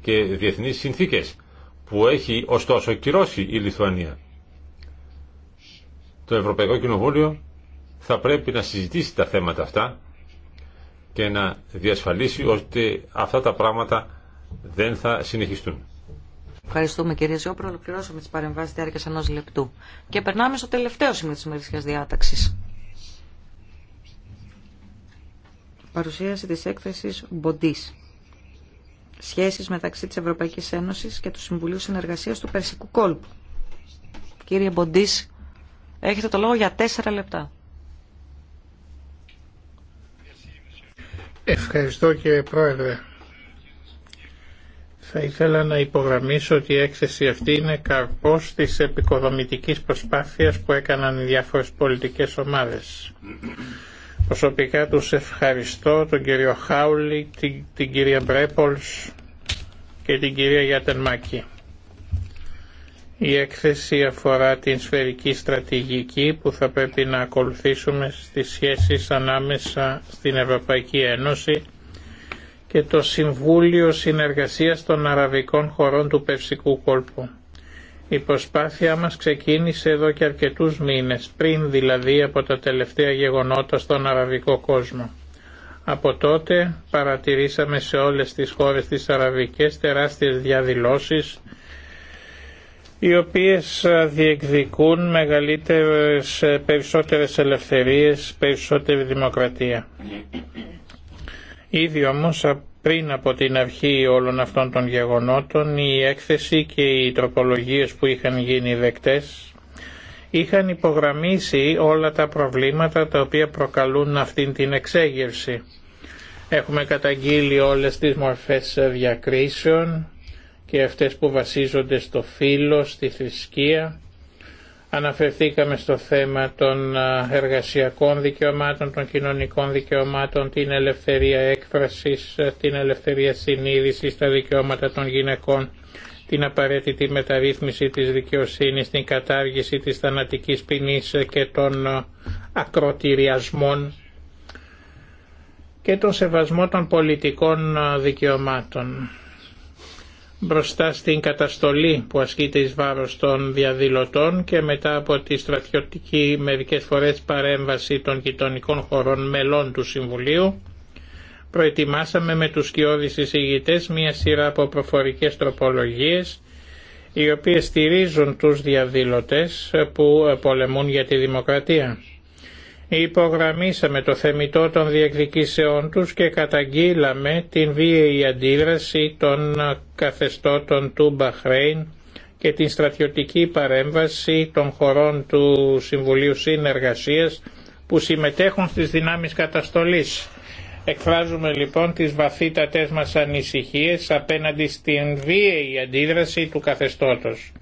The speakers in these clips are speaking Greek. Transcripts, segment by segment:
και διεθνείς συνθήκες που έχει ωστόσο κυρώσει η Λιθουανία. Το Ευρωπαϊκό Κοινοβούλιο θα πρέπει να συζητήσει τα θέματα αυτά και να διασφαλίσει ότι αυτά τα πράγματα δεν θα συνεχιστούν. Ευχαριστούμε κύριε Ζιόπρο. Ολοκληρώσαμε τις παρεμβάσει διάρκεια ενό λεπτού. Και περνάμε στο τελευταίο σημείο τη ημερησία διάταξη. Παρουσίαση τη έκθεση Μποντή σχέσεις μεταξύ της Ευρωπαϊκής Ένωσης και του Συμβουλίου Συνεργασίας του Περσικού Κόλπου. Κύριε Μποντής, έχετε το λόγο για τέσσερα λεπτά. Ευχαριστώ κύριε Πρόεδρε. Θα ήθελα να υπογραμμίσω ότι η έκθεση αυτή είναι καρπός της επικοδομητικής προσπάθειας που έκαναν οι διάφορες πολιτικές ομάδες. Προσωπικά τους ευχαριστώ τον κύριο Χάουλη, την, την κυρία Μπρέπολς και την κυρία Γιατενμάκη. Η έκθεση αφορά την σφαιρική στρατηγική που θα πρέπει να ακολουθήσουμε στις σχέσεις ανάμεσα στην Ευρωπαϊκή Ένωση και το Συμβούλιο Συνεργασίας των Αραβικών Χωρών του Πευσικού Κόλπου. Η προσπάθειά μας ξεκίνησε εδώ και αρκετούς μήνες, πριν δηλαδή από τα τελευταία γεγονότα στον αραβικό κόσμο. Από τότε παρατηρήσαμε σε όλες τις χώρες της αραβικές τεράστιες διαδηλώσεις, οι οποίες διεκδικούν μεγαλύτερες, ε, περισσότερες ελευθερίες, περισσότερη δημοκρατία. Ήδη όμως πριν από την αρχή όλων αυτών των γεγονότων η έκθεση και οι τροπολογίες που είχαν γίνει δεκτές είχαν υπογραμμίσει όλα τα προβλήματα τα οποία προκαλούν αυτήν την εξέγερση. Έχουμε καταγγείλει όλες τις μορφές διακρίσεων και αυτές που βασίζονται στο φύλλο, στη θρησκεία Αναφερθήκαμε στο θέμα των εργασιακών δικαιωμάτων, των κοινωνικών δικαιωμάτων, την ελευθερία έκφρασης, την ελευθερία συνείδησης, τα δικαιώματα των γυναικών, την απαραίτητη μεταρρύθμιση της δικαιοσύνης, την κατάργηση της θανατικής ποινής και των ακροτηριασμών και τον σεβασμό των πολιτικών δικαιωμάτων μπροστά στην καταστολή που ασκείται εις βάρος των διαδηλωτών και μετά από τη στρατιωτική μερικές φορές παρέμβαση των γειτονικών χωρών μελών του Συμβουλίου προετοιμάσαμε με τους σκιώδεις εισηγητές μία σειρά από προφορικές τροπολογίες οι οποίες στηρίζουν τους διαδηλωτές που πολεμούν για τη δημοκρατία υπογραμμίσαμε το θεμητό των διεκδικήσεών τους και καταγγείλαμε την βίαιη αντίδραση των καθεστώτων του Μπαχρέιν και την στρατιωτική παρέμβαση των χωρών του Συμβουλίου Συνεργασίας που συμμετέχουν στις δυνάμεις καταστολής Εκφράζουμε λοιπόν τις βαθύτατες μας ανησυχίες απέναντι στην βίαιη αντίδραση του καθεστώτος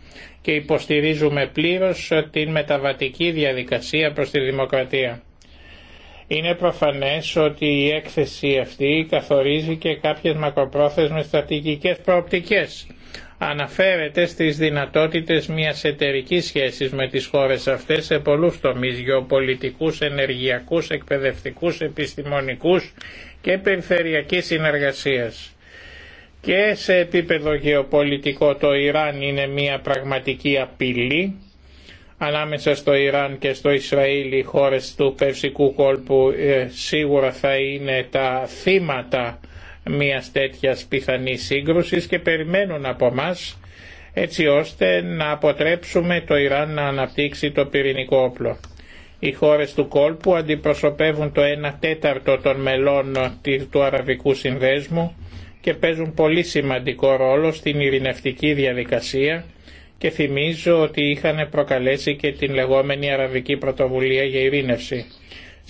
και υποστηρίζουμε πλήρως την μεταβατική διαδικασία προς τη δημοκρατία. Είναι προφανές ότι η έκθεση αυτή καθορίζει και κάποιες μακροπρόθεσμες στρατηγικές προοπτικές αναφέρεται στις δυνατότητες μιας εταιρικής σχέσης με τις χώρες αυτές σε πολλούς τομείς γεωπολιτικούς, ενεργειακούς, εκπαιδευτικούς, επιστημονικούς και περιφερειακής συνεργασίας. Και σε επίπεδο γεωπολιτικό το Ιράν είναι μια πραγματική απειλή ανάμεσα στο Ιράν και στο Ισραήλ οι χώρες του Περσικού κόλπου ε, σίγουρα θα είναι τα θύματα Μία τέτοια πιθανής σύγκρουση και περιμένουν από μας έτσι ώστε να αποτρέψουμε το Ιράν να αναπτύξει το πυρηνικό όπλο. Οι χώρες του κόλπου αντιπροσωπεύουν το 1 τέταρτο των μελών του Αραβικού Συνδέσμου και παίζουν πολύ σημαντικό ρόλο στην ειρηνευτική διαδικασία και θυμίζω ότι είχαν προκαλέσει και την λεγόμενη Αραβική Πρωτοβουλία για Ειρήνευση.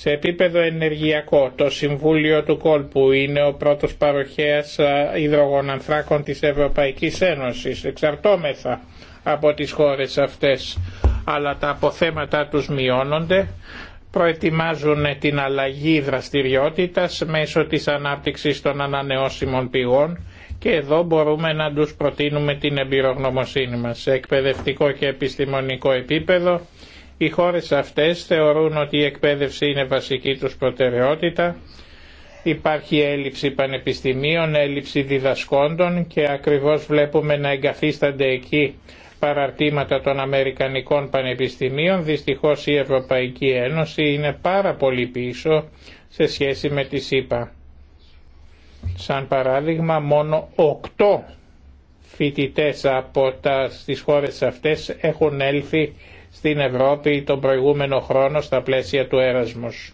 Σε επίπεδο ενεργειακό, το Συμβούλιο του Κόλπου είναι ο πρώτος παροχέας υδρογονανθράκων της Ευρωπαϊκής Ένωσης. Εξαρτώμεθα από τις χώρες αυτές, αλλά τα αποθέματα τους μειώνονται προετοιμάζουν την αλλαγή δραστηριότητας μέσω της ανάπτυξης των ανανεώσιμων πηγών και εδώ μπορούμε να τους προτείνουμε την εμπειρογνωμοσύνη μας σε εκπαιδευτικό και επιστημονικό επίπεδο οι χώρες αυτές θεωρούν ότι η εκπαίδευση είναι βασική τους προτεραιότητα. Υπάρχει έλλειψη πανεπιστημίων, έλλειψη διδασκόντων και ακριβώς βλέπουμε να εγκαθίστανται εκεί παραρτήματα των Αμερικανικών πανεπιστημίων. Δυστυχώς η Ευρωπαϊκή Ένωση είναι πάρα πολύ πίσω σε σχέση με τη ΣΥΠΑ. Σαν παράδειγμα μόνο 8 φοιτητές από τα, στις χώρες αυτές έχουν έλθει στην Ευρώπη τον προηγούμενο χρόνο στα πλαίσια του Έρασμος.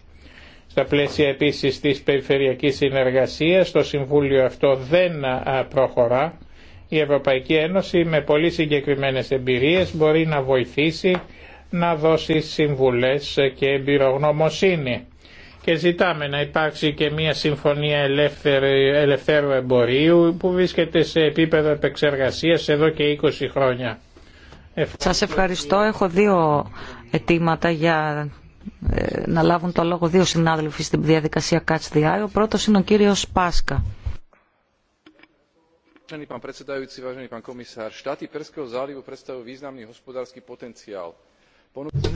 Στα πλαίσια επίσης της περιφερειακής συνεργασίας το Συμβούλιο αυτό δεν προχωρά. Η Ευρωπαϊκή Ένωση με πολύ συγκεκριμένες εμπειρίες μπορεί να βοηθήσει να δώσει συμβουλές και εμπειρογνωμοσύνη. Και ζητάμε να υπάρξει και μια συμφωνία ελευθέρου εμπορίου που βρίσκεται σε επίπεδο επεξεργασίας εδώ και 20 χρόνια. Σας ευχαριστώ. Έχω δύο αιτήματα για ε, να λάβουν το λόγο δύο συνάδελφοι στην διαδικασία Catch the Eye. Ο πρώτος είναι ο κύριος Πάσκα.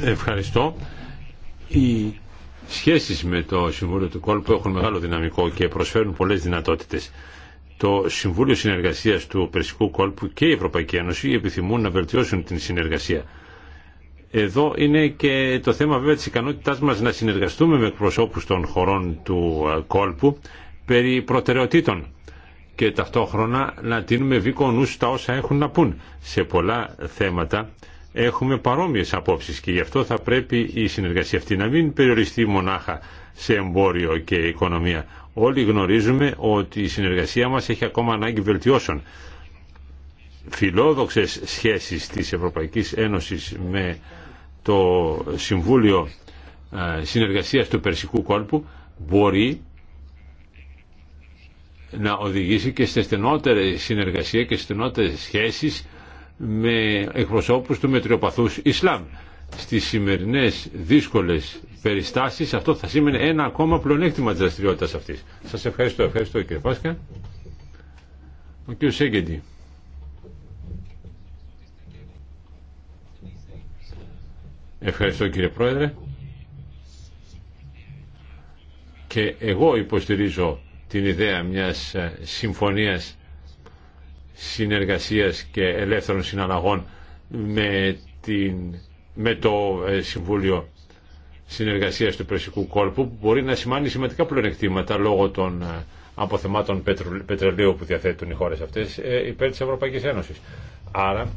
Ευχαριστώ. Οι σχέσεις με το Συμβούλιο του Κόλπου έχουν μεγάλο δυναμικό και προσφέρουν πολλές δυνατότητες το Συμβούλιο Συνεργασίας του Περσικού Κόλπου και η Ευρωπαϊκή Ένωση επιθυμούν να βελτιώσουν την συνεργασία. Εδώ είναι και το θέμα βέβαια της ικανότητάς μας να συνεργαστούμε με προσώπους των χωρών του ε, κόλπου περί προτεραιοτήτων και ταυτόχρονα να τίνουμε βίκο νου στα όσα έχουν να πούν. Σε πολλά θέματα έχουμε παρόμοιες απόψεις και γι' αυτό θα πρέπει η συνεργασία αυτή να μην περιοριστεί μονάχα σε εμπόριο και οικονομία. Όλοι γνωρίζουμε ότι η συνεργασία μας έχει ακόμα ανάγκη βελτιώσεων. Φιλόδοξες σχέσεις της Ευρωπαϊκής Ένωσης με το Συμβούλιο ε, Συνεργασίας του Περσικού Κόλπου μπορεί να οδηγήσει και σε στενότερη συνεργασία και στενότερες σχέσεις με εκπροσώπους του μετριοπαθούς Ισλάμ στις σημερινές δύσκολες περιστάσεις αυτό θα σήμαινε ένα ακόμα πλονέκτημα της δραστηριότητας αυτής. Σας ευχαριστώ. Ευχαριστώ κύριε Πάσκα. Ο κύριος Σέγγεντη. Ευχαριστώ κύριε Πρόεδρε. Και εγώ υποστηρίζω την ιδέα μιας ε, συμφωνίας συνεργασίας και ελεύθερων συναλλαγών με την με το ε, Συμβούλιο Συνεργασίας του Περσικού Κόλπου που μπορεί να σημάνει σημαντικά πλεονεκτήματα λόγω των ε, αποθεμάτων πετρελαίου που διαθέτουν οι χώρες αυτές ε, υπέρ της Ευρωπαϊκής Ένωσης. Άρα,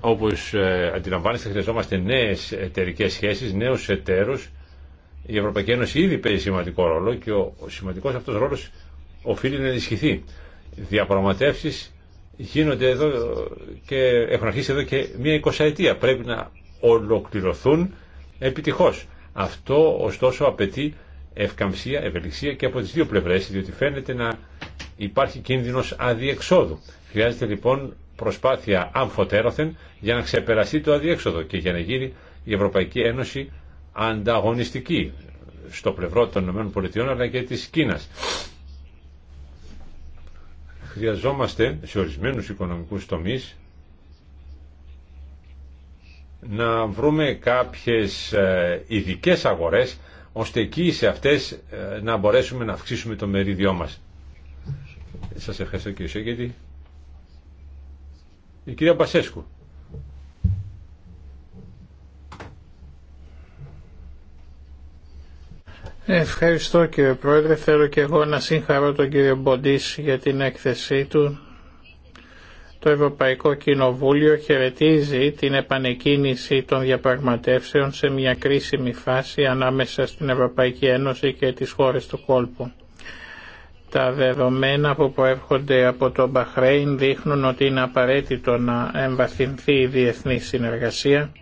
όπως αντιλαμβάνεστε, χρειαζόμαστε νέες εταιρικέ σχέσεις, νέους εταίρους. Η Ευρωπαϊκή Ένωση ήδη παίζει σημαντικό ρόλο και ο σημαντικός αυτός ρόλος οφείλει να ενισχυθεί. Διαπραγματεύσεις γίνονται εδώ και έχουν αρχίσει εδώ και μία εικοσαετία. Πρέπει να ολοκληρωθούν επιτυχώς. Αυτό ωστόσο απαιτεί ευκαμψία, ευελιξία και από τις δύο πλευρές, διότι φαίνεται να υπάρχει κίνδυνος αδιεξόδου. Χρειάζεται λοιπόν προσπάθεια αμφωτέρωθεν για να ξεπεραστεί το αδιέξοδο και για να γίνει η Ευρωπαϊκή Ένωση ανταγωνιστική στο πλευρό των ΗΠΑ αλλά και της Κίνας. Χρειαζόμαστε σε ορισμένους οικονομικούς τομείς να βρούμε κάποιες ε, ειδικέ αγορές ώστε εκεί σε αυτές ε, να μπορέσουμε να αυξήσουμε το μερίδιό μας. Σας ευχαριστώ κύριε Σέγγετη. Η κυρία Μπασέσκου. Ευχαριστώ κύριε Πρόεδρε. Θέλω και εγώ να συγχαρώ τον κύριο Μποντής για την έκθεσή του το Ευρωπαϊκό Κοινοβούλιο χαιρετίζει την επανεκκίνηση των διαπραγματεύσεων σε μια κρίσιμη φάση ανάμεσα στην Ευρωπαϊκή Ένωση και τις χώρες του κόλπου. Τα δεδομένα που προέρχονται από τον Μπαχρέιν δείχνουν ότι είναι απαραίτητο να εμβαθυνθεί η διεθνή συνεργασία.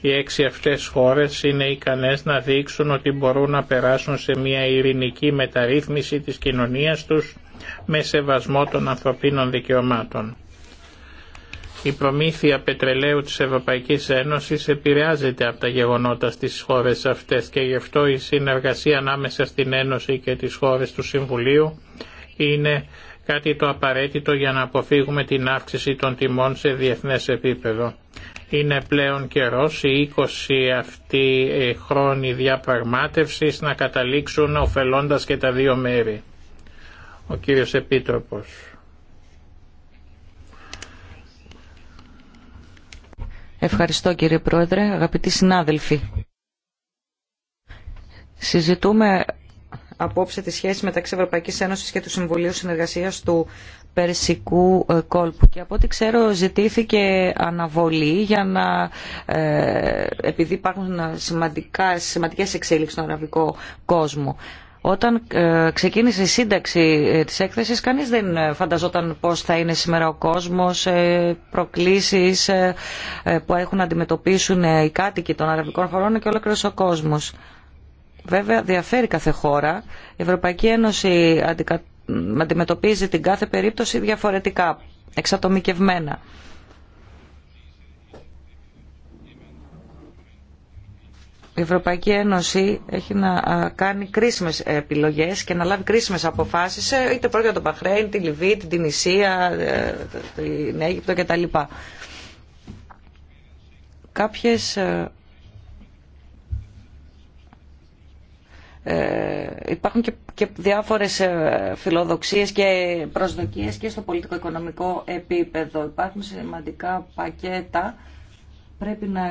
Οι έξι αυτές χώρες είναι ικανές να δείξουν ότι μπορούν να περάσουν σε μια ειρηνική μεταρρύθμιση της κοινωνίας τους με σεβασμό των ανθρωπίνων δικαιωμάτων. Η προμήθεια πετρελαίου της Ευρωπαϊκής Ένωσης επηρεάζεται από τα γεγονότα στις χώρες αυτές και γι' αυτό η συνεργασία ανάμεσα στην Ένωση και τις χώρες του Συμβουλίου είναι κάτι το απαραίτητο για να αποφύγουμε την αύξηση των τιμών σε διεθνές επίπεδο. Είναι πλέον καιρός οι 20 αυτοί ε, χρόνοι διαπραγμάτευσης να καταλήξουν ωφελώντα και τα δύο μέρη. Ο κύριος Επίτροπος. Ευχαριστώ κύριε Πρόεδρε, αγαπητοί συνάδελφοι. Συζητούμε απόψε τη σχέση μεταξύ Ευρωπαϊκής Ένωσης και του Συμβουλίου Συνεργασίας του Περσικού ε, Κόλπου και από ό,τι ξέρω ζητήθηκε αναβολή για να, ε, επειδή υπάρχουν ε, σημαντικά, σημαντικές εξέλιξεις στον αραβικό κόσμο. Όταν ε, ξεκίνησε η σύνταξη ε, της έκθεσης, κανείς δεν ε, φανταζόταν πώς θα είναι σήμερα ο κόσμος, προκλήσεις που έχουν να αντιμετωπίσουν οι κάτοικοι των αραβικών χωρών και ολόκληρος ο κόσμος. Βέβαια, διαφέρει κάθε χώρα. Η Ευρωπαϊκή Ένωση αντιμετωπίζει την κάθε περίπτωση διαφορετικά, εξατομικευμένα. Η Ευρωπαϊκή Ένωση έχει να κάνει κρίσιμε επιλογές και να λάβει κρίσιμε αποφάσεις ε, είτε πρόκειται για τον Παχρέιν, τη Λιβύη, την Τινησία, ε, την Αίγυπτο κτλ. Κάποιες ε, υπάρχουν και, και διάφορες φιλοδοξίες και προσδοκίες και στο πολιτικο-οικονομικό επίπεδο. Υπάρχουν σημαντικά πακέτα. Πρέπει να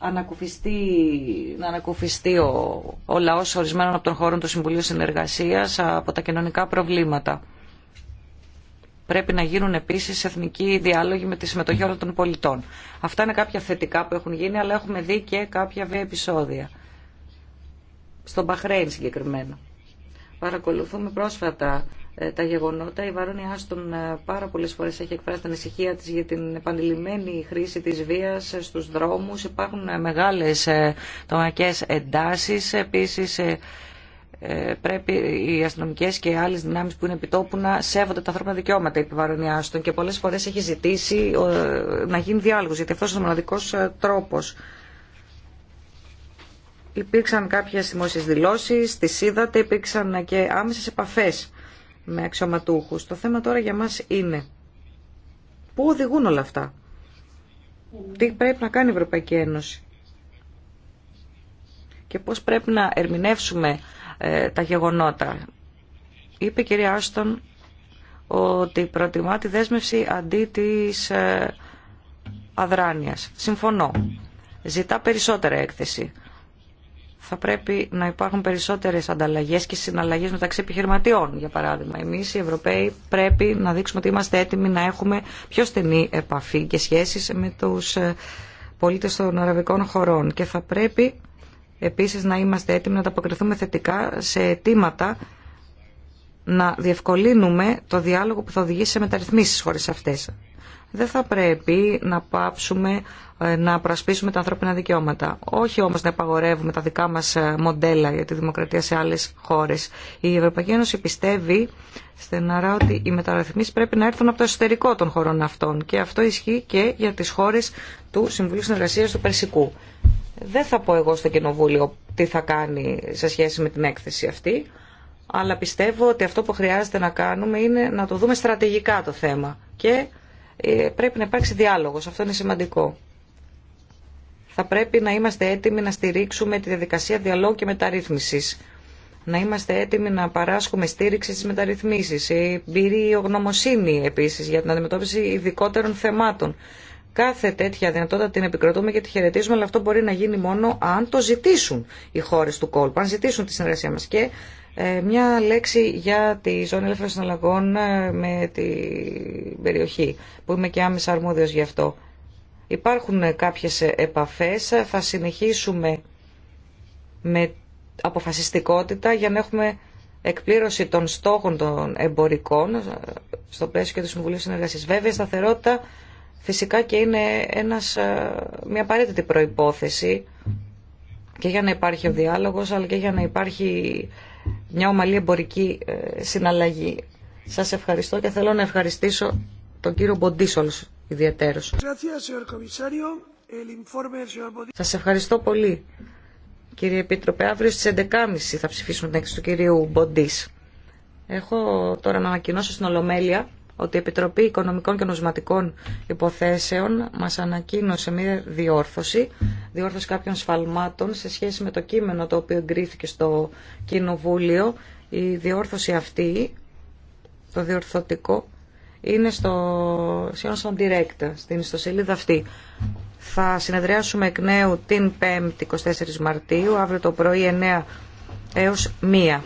να ανακουφιστεί ο, ο λαός ορισμένων από τον χώρο του Συμβουλίου Συνεργασίας από τα κοινωνικά προβλήματα. Πρέπει να γίνουν επίση εθνικοί διάλογοι με τη συμμετοχή όλων των πολιτών. Αυτά είναι κάποια θετικά που έχουν γίνει, αλλά έχουμε δει και κάποια βία επεισόδια. Στον Μπαχρέιν συγκεκριμένα. Παρακολουθούμε πρόσφατα ε, τα γεγονότα. Η Βαρόνια Άστον ε, πάρα πολλέ φορέ έχει εκφράσει την ανησυχία τη για την επανειλημμένη χρήση τη βία στου δρόμου. Υπάρχουν ε, μεγάλε τομακέ εντάσει. Επίση, πρέπει οι αστυνομικέ και άλλε δυνάμει που είναι επιτόπου να σέβονται τα ανθρώπινα δικαιώματα η Βαρόνια Άστον. Και πολλέ φορέ έχει ζητήσει να γίνει διάλογο, γιατί αυτό είναι ο μοναδικό τρόπο. Υπήρξαν κάποιες δημόσιες δηλώσεις, τις είδατε, υπήρξαν και άμεσες επαφές με Το θέμα τώρα για μας είναι πού οδηγούν όλα αυτά. Τι πρέπει να κάνει η Ευρωπαϊκή Ένωση και πώς πρέπει να ερμηνεύσουμε ε, τα γεγονότα. Είπε η κυρία Άστον ότι προτιμά τη δέσμευση αντί της ε, αδράνειας. Συμφωνώ. Ζητά περισσότερα έκθεση θα πρέπει να υπάρχουν περισσότερες ανταλλαγές και συναλλαγές μεταξύ επιχειρηματιών, για παράδειγμα. Εμείς οι Ευρωπαίοι πρέπει να δείξουμε ότι είμαστε έτοιμοι να έχουμε πιο στενή επαφή και σχέσεις με τους ε, πολίτες των αραβικών χωρών και θα πρέπει επίσης να είμαστε έτοιμοι να ανταποκριθούμε θετικά σε αιτήματα να διευκολύνουμε το διάλογο που θα οδηγήσει σε μεταρρυθμίσεις χωρίς αυτές δεν θα πρέπει να πάψουμε ε, να προασπίσουμε τα ανθρώπινα δικαιώματα. Όχι όμως να επαγορεύουμε τα δικά μας ε, μοντέλα για τη δημοκρατία σε άλλες χώρες. Η Ευρωπαϊκή Ένωση πιστεύει στεναρά ότι οι μεταρρυθμίσεις πρέπει να έρθουν από το εσωτερικό των χωρών αυτών και αυτό ισχύει και για τις χώρες του Συμβουλίου Συνεργασίας του Περσικού. Δεν θα πω εγώ στο Κοινοβούλιο τι θα κάνει σε σχέση με την έκθεση αυτή, αλλά πιστεύω ότι αυτό που χρειάζεται να κάνουμε είναι να το δούμε στρατηγικά το θέμα και ε, πρέπει να υπάρξει διάλογος. Αυτό είναι σημαντικό. Θα πρέπει να είμαστε έτοιμοι να στηρίξουμε τη διαδικασία διαλόγου και μεταρρύθμισης. Να είμαστε έτοιμοι να παράσχουμε στήριξη στις μεταρρυθμίσεις. Η ογνομοσύνη επίσης για την αντιμετώπιση ειδικότερων θεμάτων. Κάθε τέτοια δυνατότητα την επικροτούμε και τη χαιρετίζουμε, αλλά αυτό μπορεί να γίνει μόνο αν το ζητήσουν οι χώρε του κόλπου, αν ζητήσουν τη συνεργασία μα. Ε, μια λέξη για τη ζώνη ελεύθερων συναλλαγών ε, με την περιοχή, που είμαι και άμεσα αρμόδιος γι' αυτό. Υπάρχουν κάποιες επαφές, θα συνεχίσουμε με αποφασιστικότητα για να έχουμε εκπλήρωση των στόχων των εμπορικών ε, στο πλαίσιο και του Συμβουλίου Συνεργασίας. Βέβαια, η σταθερότητα φυσικά και είναι ένας, μια απαραίτητη προϋπόθεση και για να υπάρχει ο διάλογος, αλλά και για να υπάρχει μια ομαλή εμπορική ε, συναλλαγή. Σας ευχαριστώ και θέλω να ευχαριστήσω τον κύριο Μποντίσολος ιδιαίτερος. Σας ευχαριστώ πολύ. Κύριε Επίτροπε, αύριο στι 11.30 θα ψηφίσουμε την έκθεση του κυρίου Μποντή. Έχω τώρα να ανακοινώσω στην Ολομέλεια ότι η Επιτροπή Οικονομικών και Νοσματικών Υποθέσεων μας ανακοίνωσε μία διόρθωση, διόρθωση κάποιων σφαλμάτων σε σχέση με το κείμενο το οποίο εγκρίθηκε στο Κοινοβούλιο. Η διόρθωση αυτή, το διορθωτικό, είναι στο Σιόνσον Direct, στην ιστοσελίδα αυτή. Θα συνεδριάσουμε εκ νέου την 5η 24 Μαρτίου, αύριο το πρωί 9 έως 1.